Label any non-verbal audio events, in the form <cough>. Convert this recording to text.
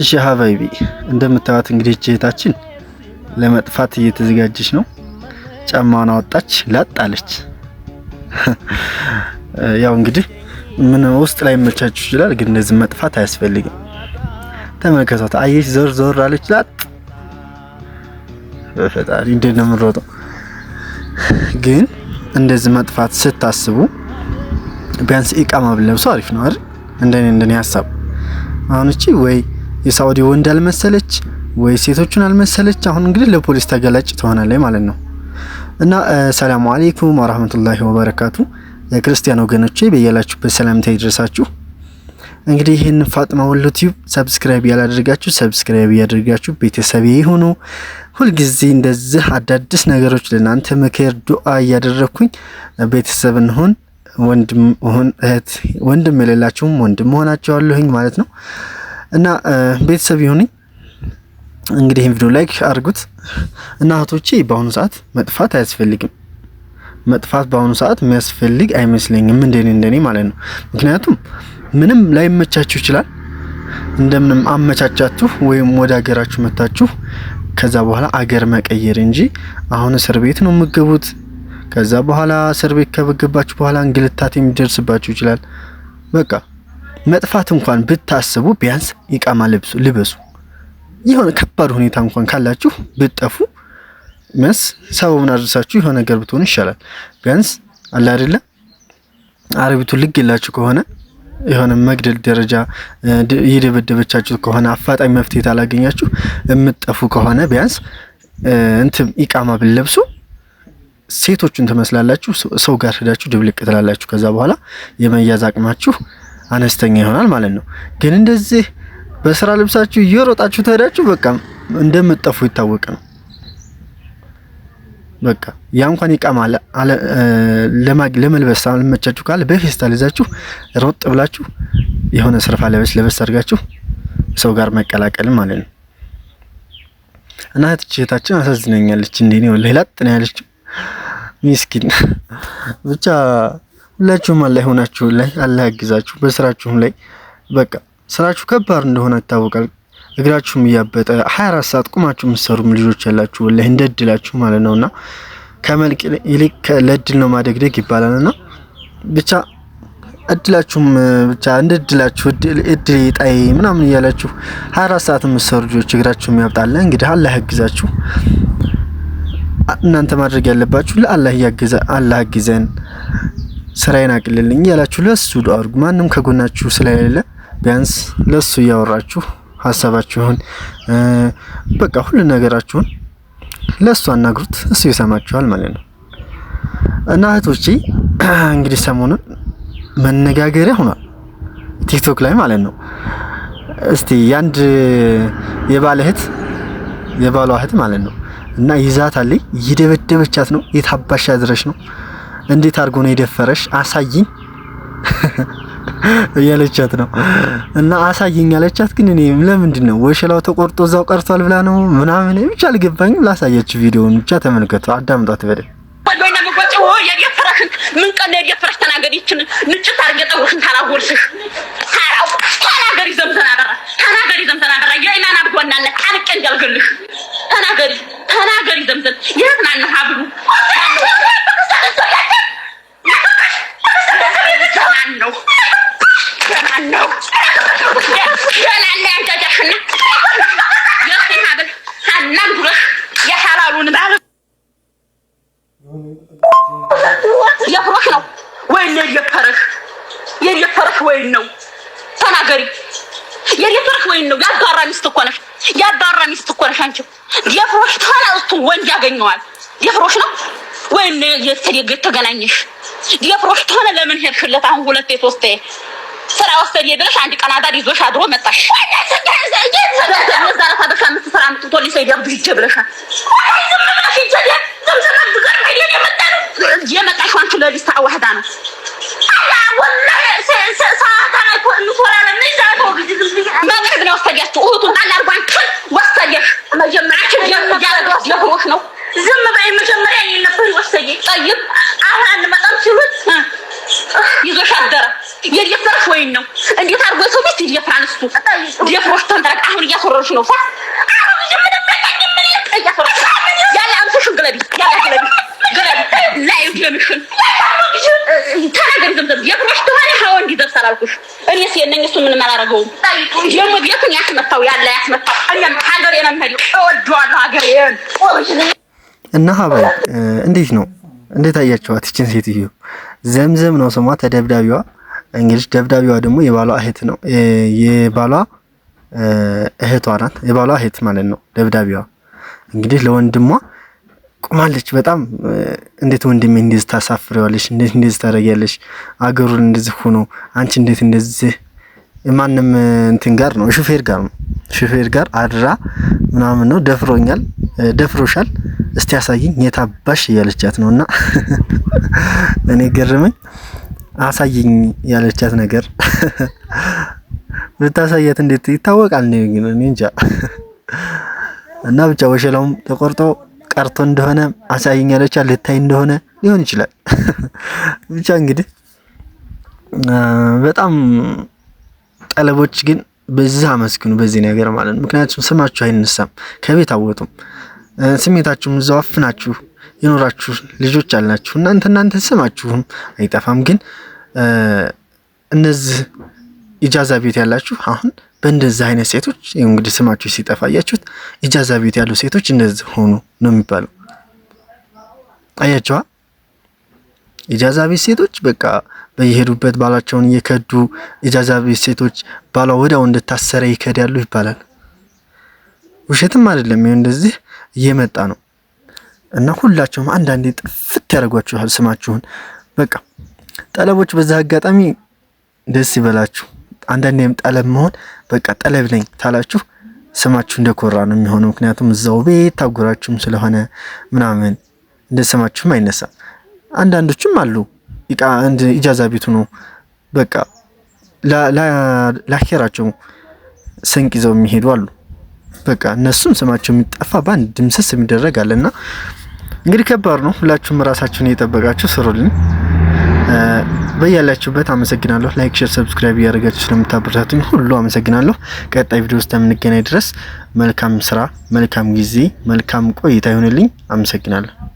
እሺ ሀባይቢ እንደምታዩት እንግዲህ እህታችን ለመጥፋት እየተዘጋጀች ነው። ጫማውን አወጣች፣ ላጣለች። <laughs> ያው እንግዲህ ምን ውስጥ ላይ መቻችሁ ይችላል፣ ግን እንደዚህ መጥፋት አያስፈልግም። ተመልከቷት፣ አየች፣ ዞር ዞር አለች፣ ላጥ። በፈጣሪ እንዴት ነው ግን እንደዚህ መጥፋት ስታስቡ ቢያንስ ኢቃማ አሪፍ ነው አይደል? እንደኔ እንደኔ ሀሳብ አሁን እቺ ወይ የሳውዲ ወንድ አልመሰለች ወይ ሴቶቹን አልመሰለች። አሁን እንግዲህ ለፖሊስ ተገላጭ ትሆናለች ማለት ነው። እና ሰላሙ አሌይኩም ወራህመቱላሂ ወበረካቱ። የክርስቲያን ወገኖቼ በያላችሁበት ሰላምታ ይድረሳችሁ። እንግዲህ ይህን ፋጥማ ወሎ ቲዩብ ሰብስክራይብ ያላደርጋችሁ ሰብስክራይብ እያደርጋችሁ ቤተሰብ የሆኑ ሁልጊዜ እንደዚህ አዳዲስ ነገሮች ለእናንተ ምክር፣ ዱአ እያደረግኩኝ ቤተሰብ እንሆን። ወንድም እህት ወንድም የሌላችሁም ወንድም ሆናችኋለሁኝ ማለት ነው። እና ቤተሰብ ይሁንኝ እንግዲህ ይህን ቪዲዮ ላይክ አድርጉት እና በአሁኑ ሰዓት መጥፋት አያስፈልግም። መጥፋት በአሁኑ ሰዓት የሚያስፈልግ አይመስለኝም፣ እንደኔ እንደኔ ማለት ነው። ምክንያቱም ምንም ላይመቻችሁ ይችላል። እንደምንም አመቻቻችሁ ወይም ወደ ሀገራችሁ መታችሁ ከዛ በኋላ አገር መቀየር እንጂ አሁን እስር ቤት ነው የምገቡት። ከዛ በኋላ እስር ቤት ከገባችሁ በኋላ እንግልታት የሚደርስባችሁ ይችላል። በቃ መጥፋት እንኳን ብታስቡ ቢያንስ ኢቃማ ልብሱ ልበሱ። የሆነ ከባድ ሁኔታ እንኳን ካላችሁ ብትጠፉ መስ ሰበቡን አድርሳችሁ የሆነ ነገር ብትሆኑ ይሻላል። ቢያንስ አለ አይደለ አረቢቱ የላችሁ ከሆነ የሆነ መግደል ደረጃ የደበደበቻችሁ ከሆነ አፋጣኝ መፍትሄ ታላገኛችሁ የምትጠፉ ከሆነ ቢያንስ እንትም ኢቃማ ብለብሱ ሴቶቹን ትመስላላችሁ። ሰው ጋር ሄዳችሁ ድብልቅ ትላላችሁ። ከዛ በኋላ የመያዝ አቅማችሁ አነስተኛ ይሆናል ማለት ነው። ግን እንደዚህ በስራ ልብሳችሁ እየሮጣችሁ ተሄዳችሁ በቃ እንደምትጠፉ ይታወቅ ነው። በቃ ያ እንኳን ይቃማ ለመልበስ አልመቻችሁ ካለ በፌስታል ይዛችሁ ሮጥ ብላችሁ የሆነ ስርፋ ለበስ ለበስ አድርጋችሁ ሰው ጋር መቀላቀል ማለት ነው። እና እህታችን አሳዝነኛለች። እንዴ ነው ሌላ ነው ያለችው ሚስኪን ብቻ ሁላችሁም አላህ ሆናችሁ ላይ አላህ ያግዛችሁ። በስራችሁም ላይ በቃ ስራችሁ ከባድ እንደሆነ ይታወቃል። እግራችሁም እያበጠ 24 ሰዓት ቁማችሁ የምትሰሩም ልጆች ያላችሁ ወላሂ እንደ እድላችሁ ማለት እና ከመልቅ ይልቅ ለእድል ነው ማደግደግ ይባላል። እና ብቻ እድላችሁም ብቻ እንደ እድላችሁ እድል ጣይ ምናምን እያላችሁ 24 ሰዓት የምትሰሩ ልጆች እግራችሁም ያብጣለ። እንግዲህ አላህ ያግዛችሁ። እናንተ ማድረግ ያለባችሁ ለአላህ ያግዘን። ስራዬን አቅልልኝ ያላችሁ ለሱ ዱዓ አድርጉ። ማንም ከጎናችሁ ስለሌለ ቢያንስ ለሱ እያወራችሁ ሀሳባችሁን በቃ ሁሉ ነገራችሁን ለሱ አናግሩት፣ እሱ ይሰማችኋል ማለት ነው። እና እህቶቼ <clears throat> እንግዲህ ሰሞኑን መነጋገሪያ ሆኗል ቲክቶክ ላይ ማለት ነው። እስቲ የአንድ የባለ እህት የባሏ እህት ማለት ነው እና ይዛታለች፣ እየደበደበቻት ነው፣ የታባሽ ያድረሽ ነው እንዴት አድርጎ ነው የደፈረሽ አሳይኝ <laughs> እያለቻት ነው እና አሳይኝ ያለቻት ግን እኔ ለምንድን ነው ወሸላው ተቆርጦ እዛው ቀርቷል ብላ ነው ምናምን ብቻ አልገባኝም። ላሳያችሁ ቪዲዮውን ብቻ ተመልከቱ፣ አዳምጧት በደንብ ምን ቀን የደፈረሽ? ተናገሪ። ይችን ንጭት አድርጌ ጠጉርሽን ተናገሪ። ተናገሪ። ተናገሪ። ተናገሪ። የት ሀብሉ የፍሮሽ ነው ወይ የደፈረሽ የደፈረሽ ወይን ነው ተናገሪ። የደፈረሽ ወይን ነው ያባራ ሚስት እኮ ነሽ፣ ያባራ ሚስት እኮ ነሽ አንቺ። የፍሮሽ ተላልቱ ወንድ ያገኘዋል የፍሮሽ ነው ወይን የተገናኘሽ የፍሮሽ ተሆነ ለምን ሄድሽለት አሁን ሁለቴ ሶስቴ ስራ ወሰድ ብለሽ አንድ ቀን አዳር ይዞሽ አድሮ መጣሽ። አምስት ስራ አምጥቶ ሊሰይ ደብሽ ይቼ ብለሻል። የመጣሽው አንቺ ለሊት ዋህዳ ነው። በቅርብ ነው ወሰዳችሁ እህቱን ጣል አድርጓ የምሬን ነው። እንዴት አድርጎ ሰው ቤት ይደፍራል? እሱ ደፍሮሽ ተንጠረቅ። አሁን እያስወረርሽ ነው። ያለ አምሶሽን ግለቢ፣ ያለ ግለቢ፣ ግለቢ ላይ ደምሽን ተናገሪ። ዘምዘም ደፍሮሽ ተሆነ ሀዋ እንዲደርሳል አልኩሽ። እኔ ሴት እሱ ምንም አላደረገውም። ደግሞ ቤቱን ያስመታው ያለ ያስመታው። እኔም ሀገሬን የምሄደው እወደዋለሁ ሀገሬን። እና ሀባይ እንዴት ነው? እንዴት አያቸዋት ይችን ሴትዮ? ዘምዘም ነው ስሟ ተደብዳቢዋ። እንግዲህ ደብዳቤዋ ደግሞ የባሏ እህት ነው። የባሏ እህቷ ናት። የባሏ እህት ማለት ነው ደብዳቤዋ። እንግዲህ ለወንድሟ ቁማለች። በጣም እንዴት ወንድሜ እንደዚህ ታሳፍሪዋለሽ? እንዴት እንደዚህ ታደርጊያለሽ? አገሩን እንደዚህ ሆኖ አንቺ እንዴት እንደዚህ ማንም እንትን ጋር ነው ሹፌር ጋር ነው ሹፌር ጋር አድራ ምናምን ነው ደፍሮኛል፣ ደፍሮሻል፣ እስቲ ያሳይኝ የታባሽ እያለቻት ነውና <laughs> እኔ ገርመኝ አሳየኝ ያለቻት ነገር ብታሳያት እንዴት ይታወቃል ነው እኔ እንጃ። እና ብቻ ወሸላውም ተቆርጦ ቀርቶ እንደሆነ አሳይኝ ያለቻት ልታይ እንደሆነ ሊሆን ይችላል። ብቻ እንግዲህ በጣም ጠለቦች ግን በዚህ አመስግኑ በዚህ ነገር ማለት ነው። ምክንያቱም ስማችሁ አይነሳም፣ ከቤት አወጡም፣ ስሜታችሁም እዛው አፍናችሁ የኖራችሁ ልጆች አላችሁ። እናንተ እናንተ ስማችሁም አይጠፋም። ግን እነዚህ ኢጃዛ ቤት ያላችሁ አሁን በእንደዚህ አይነት ሴቶች እንግዲህ ስማችሁ ሲጠፋ አያችሁት። ኢጃዛ ቤት ያሉ ሴቶች እንደዚህ ሆኑ ነው የሚባለው። አያቸዋ ኢጃዛ ቤት ሴቶች በቃ በየሄዱበት ባላቸውን እየከዱ ኢጃዛ ቤት ሴቶች ባሏ ወዲያው እንደታሰረ ይከዳሉ ይባላል። ውሸትም አይደለም። ይኸው እንደዚህ እየመጣ ነው። እና ሁላቸውም አንዳንዴ ጥፍት ያደርጓችኋል ስማችሁን። በቃ ጠለቦች፣ በዛ አጋጣሚ ደስ ይበላችሁ። አንዳንዴም ጠለብ መሆን በቃ ጠለብ ነኝ ታላችሁ ስማችሁ እንደኮራ ነው የሚሆነው። ምክንያቱም እዛው ቤት ታጉራችሁም ስለሆነ ምናምን እንደ ስማችሁም አይነሳም። አንዳንዶችም አሉ ኢጃዛ ቤቱ ነው በቃ ላኪራቸው ሰንቅ ይዘው የሚሄዱ አሉ። በቃ እነሱም ስማቸው የሚጠፋ በአንድ ድምስስ የሚደረግ አለና እንግዲህ ከባድ ነው። ሁላችሁም ራሳችሁን እየጠበቃችሁ ስሩልኝ። በያላችሁበት አመሰግናለሁ። ላይክ፣ ሼር፣ ሰብስክራይብ እያደረጋችሁ ስለምታበረታቱኝ ሁሉ አመሰግናለሁ። ቀጣይ ቪዲዮ ውስጥ የምንገናኝ ድረስ መልካም ስራ፣ መልካም ጊዜ፣ መልካም ቆይታ ይሁንልኝ። አመሰግናለሁ።